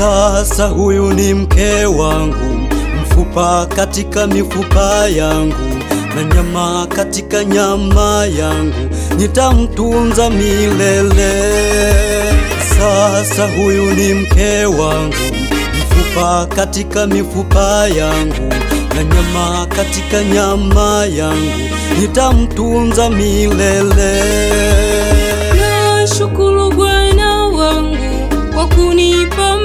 sasa huyu ni mke wangu, mfupa katika mifupa yangu na nyama katika nyama yangu, nitamtunza milele. Sasa huyu ni mke wangu, mfupa katika mifupa yangu na nyama katika nyama yangu, nitamtunza milele. Nashukuru Bwana wangu kwa kunipa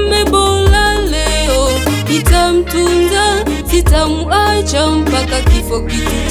kumtunza, sitamwacha mpaka kifo kitu